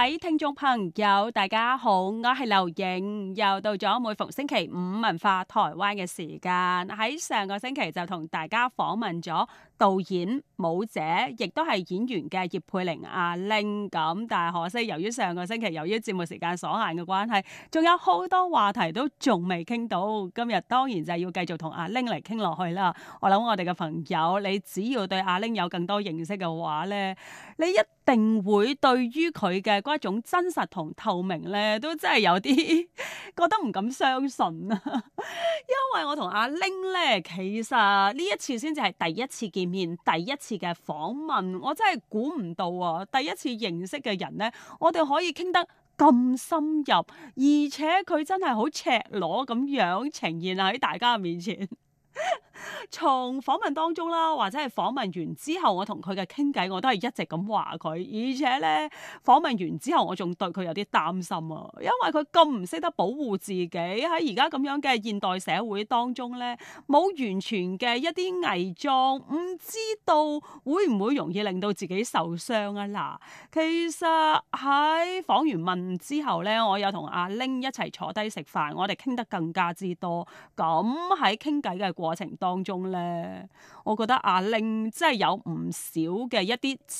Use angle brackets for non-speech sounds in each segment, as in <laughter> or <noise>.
各位聽眾朋友，大家好，我係劉瑩，又到咗每逢星期五文化台灣嘅時間。喺上個星期就同大家訪問咗導演、舞者，亦都係演員嘅葉佩玲、阿玲。咁，但係可惜，由於上個星期由於節目時間所限嘅關係，仲有好多話題都仲未傾到。今日當然就係要繼續同阿玲嚟傾落去啦。我諗我哋嘅朋友，你只要對阿玲有更多認識嘅話呢，你一定會對於佢嘅嗰一種真實同透明呢，都真係有啲覺得唔敢相信啊！因為我同阿玲呢，其實呢一次先至係第一次見。面第一次嘅訪問，我真係估唔到啊！第一次認識嘅人咧，我哋可以傾得咁深入，而且佢真係好赤裸咁樣呈現喺大家面前。 <laughs> 從訪問當中啦，或者係訪問完之後，我同佢嘅傾偈，我都係一直咁話佢，而且咧，訪問完之後，我仲對佢有啲擔心啊，因為佢咁唔識得保護自己喺，而家咁樣嘅現代社會當中咧，冇完全嘅一啲偽裝，唔知道會唔會容易令到自己受傷啊！嗱，其實喺訪完問之後咧，我有同阿玲一齊坐低食飯，我哋傾得更加之多，咁喺傾偈嘅過程當。當中咧，我覺得阿玲真係有唔少嘅一啲超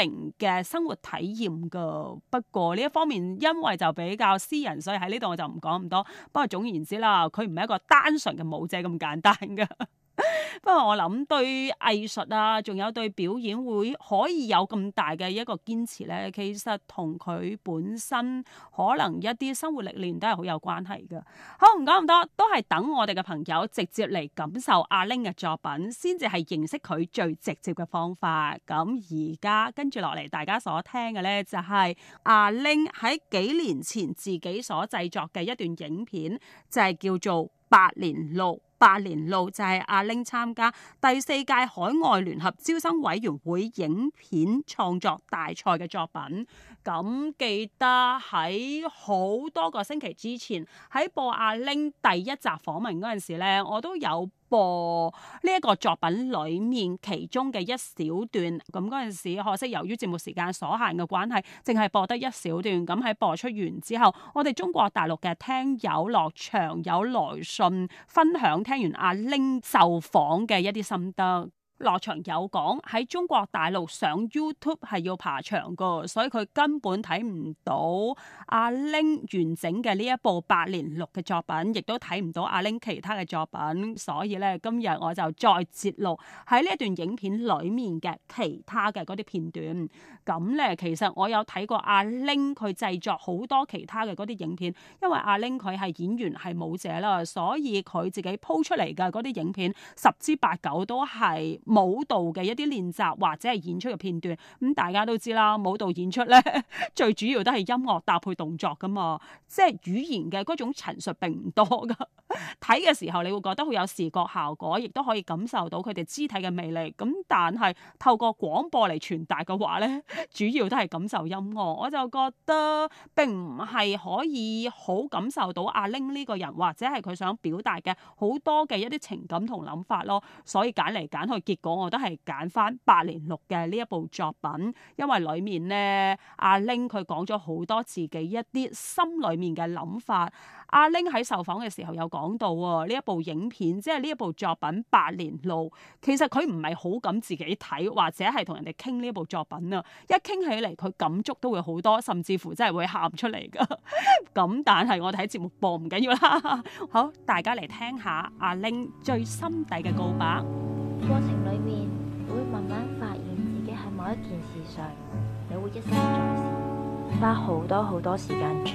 齡嘅生活體驗噶。不過呢一方面因為就比較私人，所以喺呢度我就唔講咁多。不過總言之啦，佢唔係一個單純嘅舞者咁簡單噶。 <laughs> <laughs> 不過我諗對藝術啊，仲有對表演會可以有咁大嘅一個堅持呢，其實同佢本身可能一啲生活歷練都係好有關係㗎。好，唔講咁多，都係等我哋嘅朋友直接嚟感受阿玲嘅作品，先至係認識佢最直接嘅方法。咁而家跟住落嚟，大家所聽嘅呢，就係阿玲喺幾年前自己所製作嘅一段影片，就係叫做《八年六》。八連路就係阿玲參加第四屆海外聯合招生委員會影片創作大賽嘅作品，咁記得喺好多個星期之前喺播阿玲第一集訪問嗰陣時咧，我都有，播呢一個作品裏面其中嘅一小段，咁嗰陣時可惜由於節目時間所限嘅關係，淨係播得一小段。咁喺播出完之後，我哋中國大陸嘅聽友落場有來信分享聽完阿玲受訪嘅一啲心得。落場有講喺中國大陸上 YouTube 係要爬牆噶，所以佢根本睇唔到阿玲完整嘅呢一部八年六嘅作品，亦都睇唔到阿玲其他嘅作品。所以咧，今日我就再截錄喺呢一段影片裏面嘅其他嘅嗰啲片段。咁咧，其實我有睇過阿玲佢製作好多其他嘅嗰啲影片，因為阿玲佢係演員、係舞者啦，所以佢自己 po 出嚟嘅嗰啲影片十之八九都係。舞蹈嘅一啲練習或者係演出嘅片段，咁、嗯、大家都知啦。舞蹈演出咧，最主要都係音樂搭配動作噶嘛，即係語言嘅嗰種陳述並唔多噶。睇嘅時候，你會覺得好有視覺效果，亦都可以感受到佢哋肢體嘅魅力。咁但係透過廣播嚟傳達嘅話咧，主要都係感受音樂，我就覺得並唔係可以好感受到阿玲呢個人或者係佢想表達嘅好多嘅一啲情感同諗法咯。所以揀嚟揀去結，講我都係揀翻《八年錄》嘅呢一部作品，因為裡面咧，阿玲佢講咗好多自己一啲心裡面嘅諗法。阿玲喺受訪嘅時候有講到喎，呢一部影片即係呢一部作品《八年錄》，其實佢唔係好敢自己睇，或者係同人哋傾呢一部作品啊。一傾起嚟，佢感觸都會好多，甚至乎真係會喊出嚟㗎。咁 <laughs> 但係我哋喺節目播唔緊要啦。 <laughs> 好，大家嚟聽下阿玲最心底嘅告白。一件事上，你會一生在事，花好多好多時間鑽研，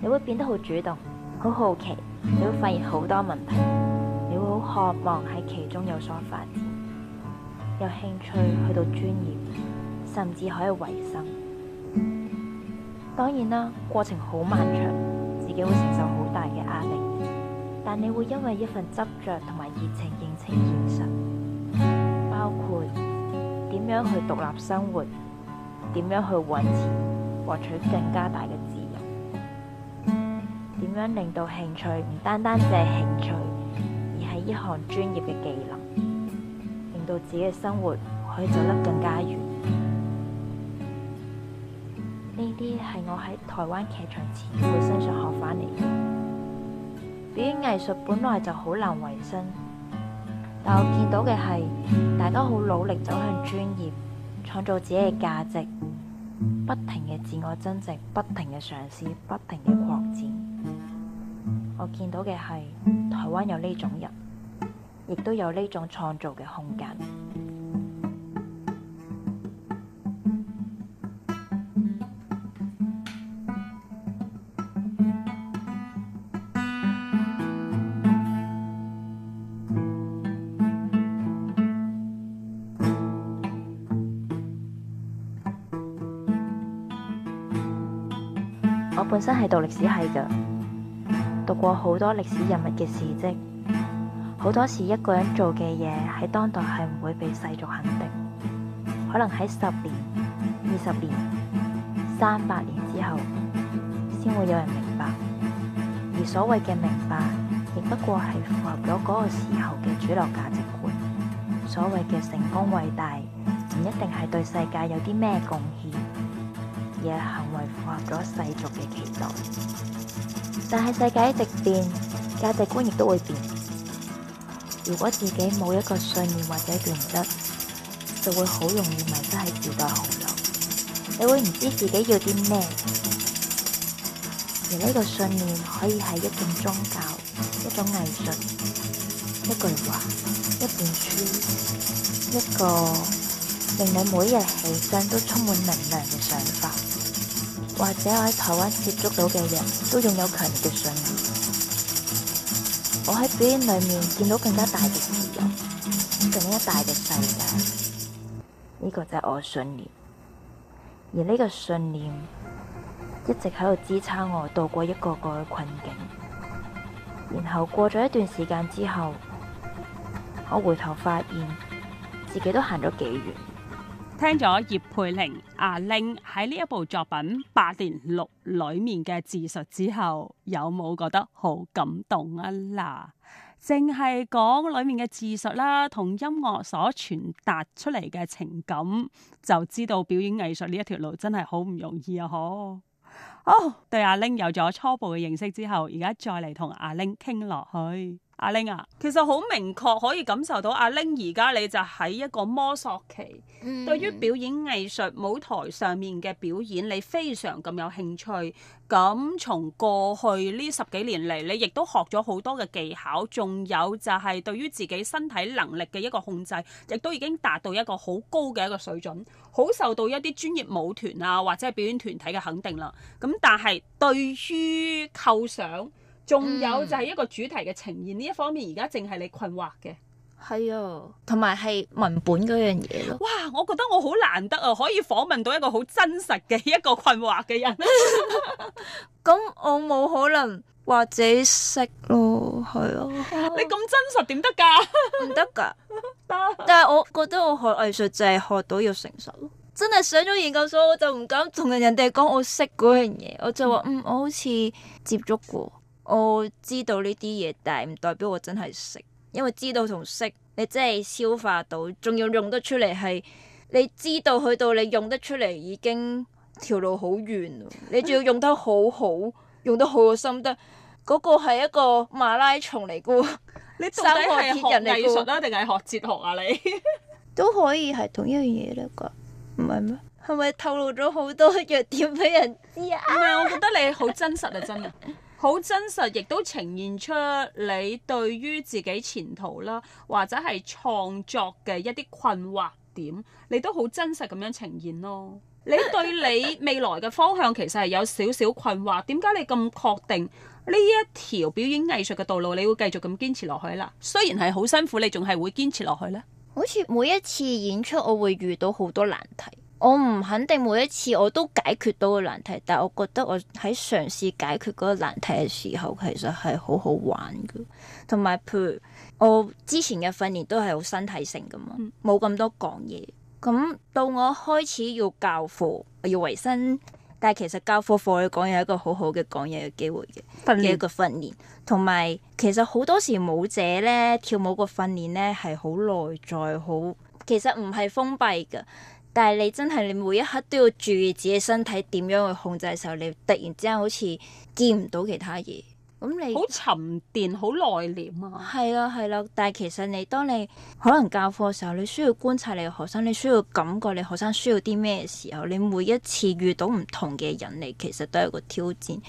你會變得好主動、好好奇，你會發現好多問題，你會好渴望喺其中有所發展，有興趣去到專業，甚至可以維生。當然啦，過程好漫長，自己會承受好大嘅壓力，但你會因為一份執着同埋熱情認清點樣去獨立生活？點樣去搵錢，獲取更加大嘅自由？點樣令到興趣唔單單只係興趣，而係一項專業嘅技能，令到自己嘅生活可以走得更加遠？呢啲係我喺台灣劇場前輩身上學翻嚟嘅。表演藝術本來就好難維生。但我見到嘅係，大家都好努力走向專業，創造自己嘅價值，不停嘅自我增值，不停嘅嘗試，不停嘅擴展。我見到嘅係，台灣有呢種人，亦都有呢種創造嘅空間。本身係讀歷史系嘅。讀過好多歷史人物嘅事跡，好多時一個人做嘅嘢喺當代係唔會被世俗肯定，可能喺十年、二十年、三百年之後，先會有人明白。而所謂嘅明白，亦不過係符合咗嗰個時候嘅主流價值觀。所謂嘅成功偉大，唔一定係對世界有啲咩貢獻。嘢行為符合咗世俗嘅期待，但係世界一直變，價值觀亦都會變。如果自己冇一個信念或者原則，就會好容易迷失喺時代洪流。你會唔知自己要啲咩。而呢個信念可以係一種宗教、一種藝術、一句話、一本書、一個令你每日起身都充滿能量嘅想法。或者我喺台灣接觸到嘅人都擁有強烈嘅信念，我喺表演裡面見到更加大嘅自由，更加大嘅世界，呢個就係我嘅信念。而呢個信念一直喺度支撐我度過一個個嘅困境。然後過咗一段時間之後，我回頭發現自己都行咗幾遠。聽咗葉佩玲阿玲喺呢一部作品《八年六》裏面嘅自述之後，有冇覺得好感動啊？嗱，淨係講裏面嘅自述啦，同音樂所傳達出嚟嘅情感，就知道表演藝術呢一條路真係好唔容易啊！嗬、哦，好對阿玲有咗初步嘅認識之後，而家再嚟同阿玲傾落去。阿玲啊，其實好明確可以感受到，阿玲而家你就喺一個摸索期。嗯、對於表演藝術、舞台上面嘅表演，你非常咁有興趣。咁從過去呢十幾年嚟，你亦都學咗好多嘅技巧，仲有就係對於自己身體能力嘅一個控制，亦都已經達到一個好高嘅一個水準，好受到一啲專業舞團啊或者係表演團體嘅肯定啦。咁但係對於構想，仲有就係一個主題嘅呈現呢一方面，而家淨係你困惑嘅，係 <noise> 啊，同埋係文本嗰樣嘢咯。哇！我覺得我好難得啊，可以訪問到一個好真實嘅一個困惑嘅人。咁、 <laughs> <laughs> 嗯、 <laughs> 我冇可能或者識咯，係啊。 <laughs> 你咁真實點得㗎？唔得㗎。得。 <laughs> 但係我覺得我學藝術就係、是、學到要誠實咯。真係上咗研究所，我就唔敢同人人哋講我識嗰樣嘢，我就話嗯我好似接觸過。我知道呢啲嘢，但係唔代表我真係識。因為知道同識，你真係消化到，仲要用得出嚟係，你知道去到你用得出嚟已經條路好遠，你仲要用得好好，用得好有心得，嗰個係一個馬拉松嚟噶。你到底係學藝術啊，定係學哲學啊你？你 <laughs> 都可以係同一樣嘢嚟噶，唔係咩？係咪透露咗好多弱點俾人知啊？唔係，我覺得你好真實啊，真啊！ <laughs> 好真實，亦都呈現出你對於自己前途啦，或者係創作嘅一啲困惑點，你都好真實咁樣呈現咯。你對你未來嘅方向其實係有少少困惑，點解你咁確定呢一條表演藝術嘅道路，你會繼續咁堅持落去啦？雖然係好辛苦，你仲係會堅持落去呢？好似每一次演出，我會遇到好多難題。我唔肯定每一次我都解決到個難題，但係我覺得我喺嘗試解決嗰個難題嘅時候，其實係好好玩嘅。同埋，譬如我之前嘅訓練都係好身體性嘅嘛，冇咁、嗯、多講嘢。咁到我開始要教課，要維生，但係其實教課課去講嘢係一個好好嘅講嘢嘅機會嘅，訓練，一個訓練。同埋，其實好多時舞者咧跳舞個訓練咧係好內在，好其實唔係封閉嘅。但係你真係你每一刻都要注意自己身體點樣去控制嘅時候，你突然之間好似見唔到其他嘢，咁你好沉澱，好內斂啊。係啊係啦，但係其實你當你可能教課嘅時候，你需要觀察你嘅學生，你需要感覺你學生需要啲咩時候，你每一次遇到唔同嘅人，你其實都係個挑戰。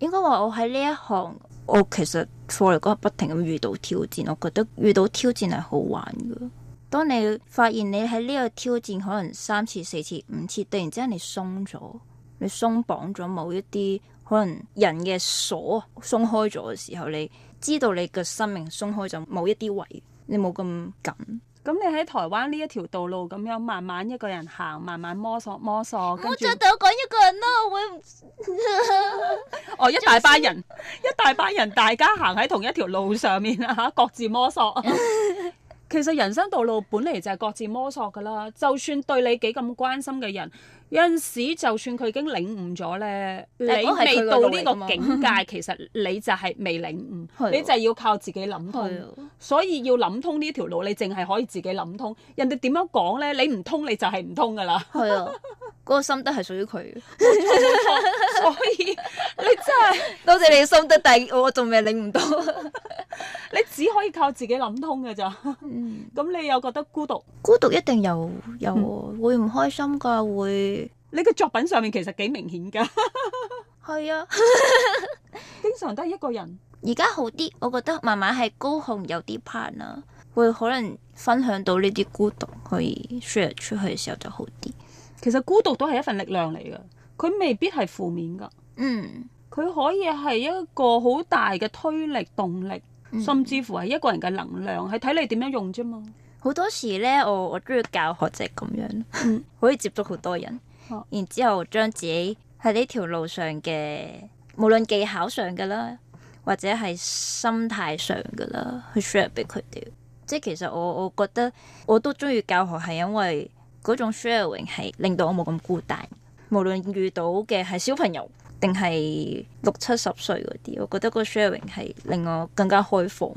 應該話我喺呢一行，我其實初嚟講係不停咁遇到挑戰。我覺得遇到挑戰係好玩噶。當你發現你喺呢個挑戰可能三次、四次、五次，突然之間你鬆咗，你鬆綁咗，某一啲可能人嘅鎖鬆開咗嘅時候，你知道你嘅生命鬆開咗某一啲位，你冇咁緊。咁你喺台灣呢一條道路咁樣慢慢一個人行，慢慢摸索摸索。我再對我講一個人啦，我會 <laughs> <laughs> 哦，一大班人，一大班人， <laughs> 大，人大家行喺同一條路上面啊，各自摸索。 <laughs> 其實人生道路本嚟就係各自摸索㗎啦，就算對你幾咁關心嘅人。有陣時就算佢已經領悟咗咧，你，你未到呢個境界， <laughs> 其實你就係未領悟，的你就係要靠自己諗通。的所以要諗通呢條路，你淨係可以自己諗通。人哋點樣講咧，你唔通你就係唔通噶啦。係啊，嗰、嗰個心得係屬於佢， <laughs> <laughs> 所以你真係 <laughs> 多謝你嘅心得，但係我仲未領悟到。 <laughs> 你只可以靠自己諗通嘅咋？嗯，咁你又覺得孤獨？孤獨一定有有、啊、會唔開心噶，會。你個作品上面其實幾明顯噶，係啊， <laughs> 經常都係一個人。而家好啲，我覺得慢慢係高雄有啲 partner，會可能分享到呢啲孤獨，可以 share 出去嘅時候就好啲。其實孤獨都係一份力量嚟噶，佢未必係負面噶，嗯，佢可以係一個好大嘅推力動力，甚至乎係一個人嘅能量，係睇你點樣用啫嘛。嗯、好多時咧，我我中意教學就係咁樣，嗯、可以接觸好多人。然之後將自己喺呢條路上嘅，無論技巧上嘅啦，或者係心態上嘅啦，去 share 俾佢哋。即係其實我我覺得我都中意教學，係因為嗰種 sharing 係令到我冇咁孤單。無論遇到嘅係小朋友定係六七十歲嗰啲，我覺得個 sharing 係令我更加開放。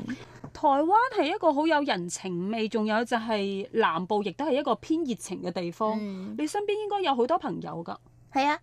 台灣係一個好有人情味，仲有就係南部，亦都係一個偏熱情嘅地方。嗯、你身邊應該有好多朋友㗎。係啊，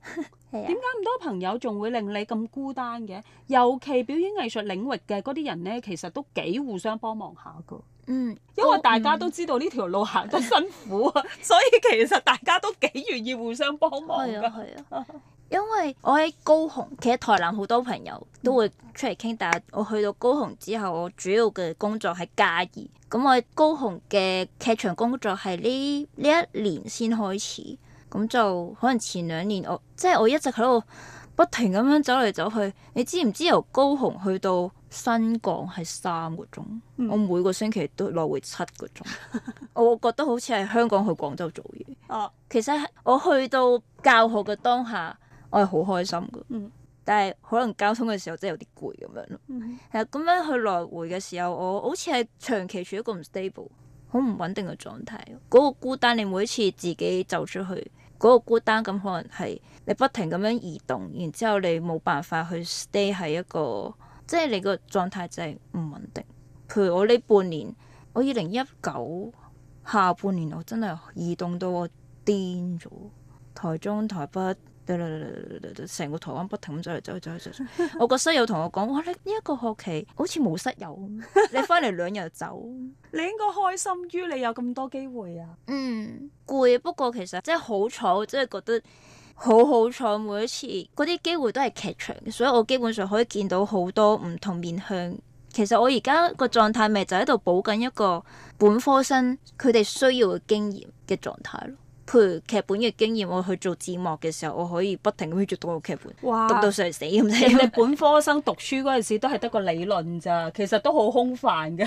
點解咁多朋友仲會令你咁孤單嘅？尤其表演藝術領域嘅嗰啲人咧，其實都幾互相幫忙下㗎。嗯，因為大家都知道呢條路行得辛苦啊，嗯、所以其實大家都幾願意互相幫忙㗎。因為我喺高雄，其實台南好多朋友都會出嚟傾，但係、嗯、我去到高雄之後，我主要嘅工作係嘉義。咁我喺高雄嘅劇場工作係呢呢一年先開始，咁就可能前兩年我即係我一直喺度不停咁樣走嚟走去。你知唔知由高雄去到新港係三個鐘？嗯、我每個星期都來回七個鐘。 <laughs> 我覺得好似係香港去廣州做嘢。哦，其實我去到教學嘅當下。我係好開心噶，嗯、但係可能交通嘅時候真係有啲攰咁樣咯。係咁、嗯、樣去來回嘅時候，我好似係長期處一個唔 stable、好唔穩定嘅狀態。嗰、那個孤單，你每一次自己走出去，嗰、那個孤單咁可能係你不停咁樣移動，然之後你冇辦法去 stay 喺一個，即、就、係、是、你個狀態就係唔穩定。譬如我呢半年，我二零一九下半年，我真係移動到我癲咗，台中、台北。成個台灣不停咁走嚟走去走去走， <laughs> 我個室友同我講：哇！你呢一個學期好似冇室友， <laughs> 你翻嚟兩日就走。你應該開心於你有咁多機會啊！嗯，攰不過其實真係好彩，我真係覺得好好彩，每一次嗰啲機會都係劇場，所以我基本上可以見到好多唔同面向。其實我而家個狀態咪就喺度補緊一個本科生佢哋需要嘅經驗嘅狀態咯。譬如劇本嘅經驗，我去做字幕嘅時候，我可以不停咁去做到個劇本，哇，讀到上嚟死咁。你本科生讀書嗰陣時都係得個理論咋，其實都好空泛㗎。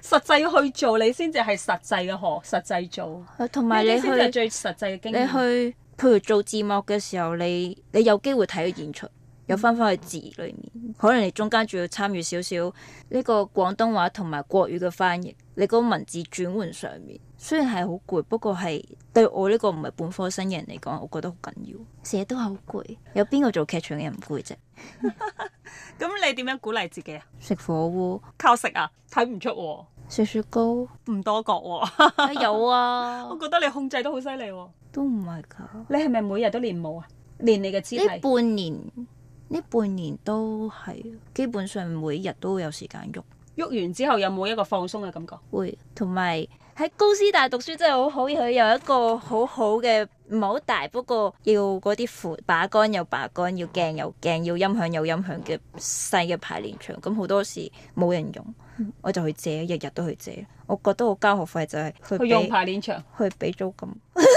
實際去做你先至係實際嘅學，實際做。同埋你先係最實際嘅經驗。你去，譬如做字幕嘅時候，你你有機會睇佢演出。有翻翻去字裏面，可能你中間仲要參與少少呢個廣東話同埋國語嘅翻譯，你個文字轉換上面，雖然係好攰，不過係對我呢個唔係本科生嘅人嚟講，我覺得好緊要。成日都係好攰，有邊個做劇場嘅人唔攰啫？咁、 <laughs> <laughs> <laughs> 嗯、你點樣鼓勵自己啊？食火鍋，靠食啊？睇唔出，食雪糕，唔多覺、啊 <laughs> 啊，有啊，我覺得你控制得好犀利喎。都唔係噶，你係咪每日都練舞啊？練你嘅肢體，半年。呢半年都係基本上每日都會有時間喐，喐完之後有冇一個放鬆嘅感覺？會，同埋喺高師大讀書真係好好，佢有一個好好嘅唔係好大，不過要嗰啲扶把杆又把杆，要鏡又鏡，要音響又音響嘅細嘅排練場。咁好多時冇人用，我就去借，日日都去借。我覺得我交學費就係、是、去，去用排練場，去俾租金。 <laughs>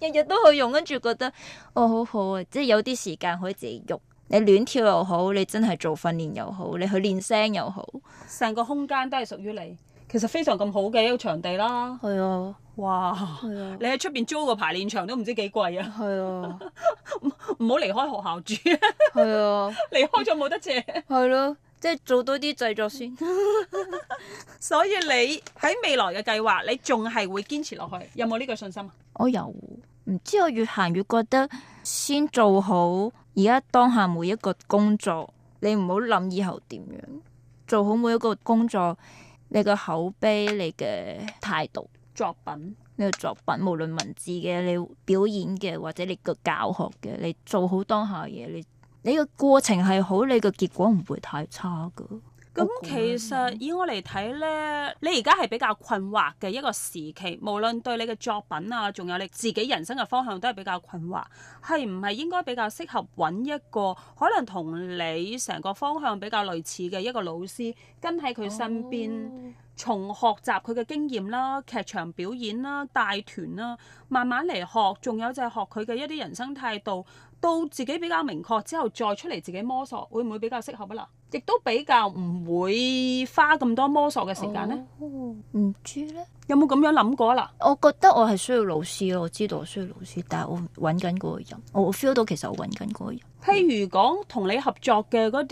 日日都去用，跟住覺得哦，好好啊！即係有啲時間可以自己喐，你亂跳又好，你真係做訓練又好，你去練聲又好，成個空間都係屬於你。其實非常咁好嘅一個場地啦。係啊，哇！係啊，你喺出邊租個排練場都唔知幾貴啊。係啊，唔好離開學校住。係 <laughs> 啊，離 <laughs> 開咗冇得借。係咯、啊。即係做多啲製作先， <laughs> <laughs> 所以你喺未來嘅計劃，你仲係會堅持落去？有冇呢個信心啊？我有。唔知我越行越覺得先做好而家當下每一個工作，你唔好諗以後點樣做好每一個工作。你個口碑、你嘅態度、作品、你個 <laughs> 作品，無論文字嘅、你表演嘅或者你個教學嘅，你做好當下嘢，你。你個過程係好，你個結果唔會太差㗎。咁其實以我嚟睇咧，你而家係比較困惑嘅一個時期，無論對你嘅作品啊，仲有你自己人生嘅方向都係比較困惑。係唔係應該比較適合揾一個可能同你成個方向比較類似嘅一個老師，跟喺佢身邊，從學習佢嘅經驗啦、劇場表演啦、帶團啦，慢慢嚟學，仲有就係學佢嘅一啲人生態度，到自己比較明確之後再出嚟自己摸索，會唔會比較適合啊？嗱？亦都比較唔會花咁多摸索嘅時間呢。Oh. 唔知咧，有冇咁樣諗過啦？我覺得我係需要老師咯，我知道我需要老師，但係我揾緊嗰個人，我 feel 到其實我揾緊嗰個人。譬如講同你合作嘅嗰啲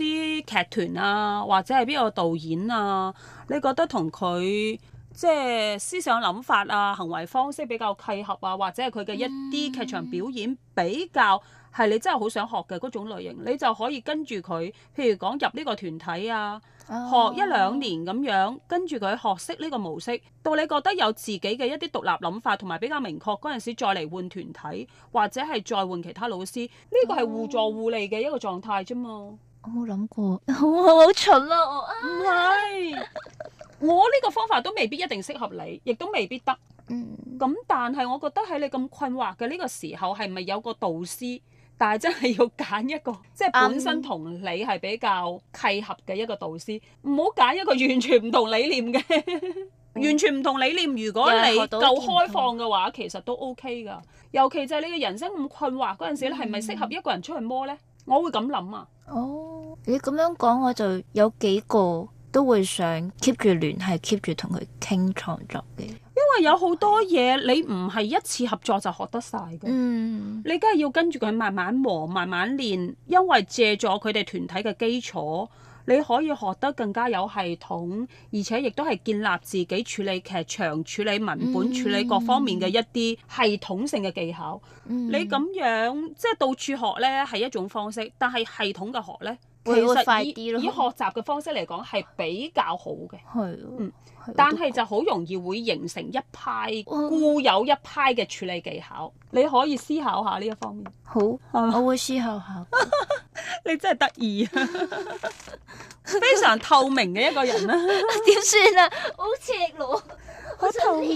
劇團啊，或者係邊個導演啊，你覺得同佢即係思想諗法啊、行為方式比較契合啊，或者係佢嘅一啲劇場表演比較、mm？Hmm. 係你真係好想學嘅嗰種類型，你就可以跟住佢，譬如講入呢個團體啊，oh, 學一兩年咁樣，oh. 跟住佢學識呢個模式，到你覺得有自己嘅一啲獨立諗法同埋比較明確嗰陣時，再嚟換團體或者係再換其他老師，呢、呢個係互助互利嘅一個狀態啫嘛、oh. 我冇諗過，好好蠢囉！我唔係，我呢個方法都未必一定適合你，亦都未必得。嗯。咁但係我覺得喺你咁困惑嘅呢、呢個時候，係咪有個導師？但係真係要揀一個，即係本身同你係比較契合嘅一個導師，唔好揀一個完全唔同理念嘅，完全唔同理念。如果、嗯、你夠開放嘅話，其實都 OK 噶。尤其就係你嘅人生咁困惑嗰陣時咧，你係咪適合一個人出去摸呢？我會咁諗啊。哦，你咁樣講我就有幾個都會想 keep 住聯繫，keep 住同佢傾創作嘅。因為有好多嘢，你唔係一次合作就學得晒嘅。嗯，你梗係要跟住佢慢慢磨，慢慢練。因為借助佢哋團體嘅基礎，你可以學得更加有系統，而且亦都係建立自己處理劇場、處理文本、嗯、處理各方面嘅一啲系統性嘅技巧。嗯、你咁樣即係、就是、到處學呢係一種方式，但係系統嘅學呢，其實以，會會快啲咯，以學習嘅方式嚟講係比較好嘅。係、嗯。但係就好容易會形成一派固有一派嘅處理技巧，嗯、你可以思考下呢一方面。好，吧我會思考下。 <laughs> 你真係得意啊！ <laughs> 非常透明嘅一個人啦。點算啊？好赤裸，好透明。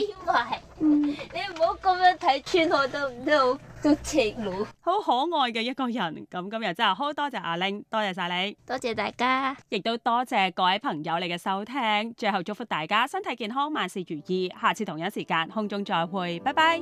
你唔好咁樣睇穿我，都唔都都赤裸。好可愛嘅一個人，咁今日真係好多謝阿玲，多謝晒你，多謝大家，亦都多謝各位朋友你嘅收聽。最後祝福大家。身體健康，萬事如意。下次同樣時間空中再會，拜拜。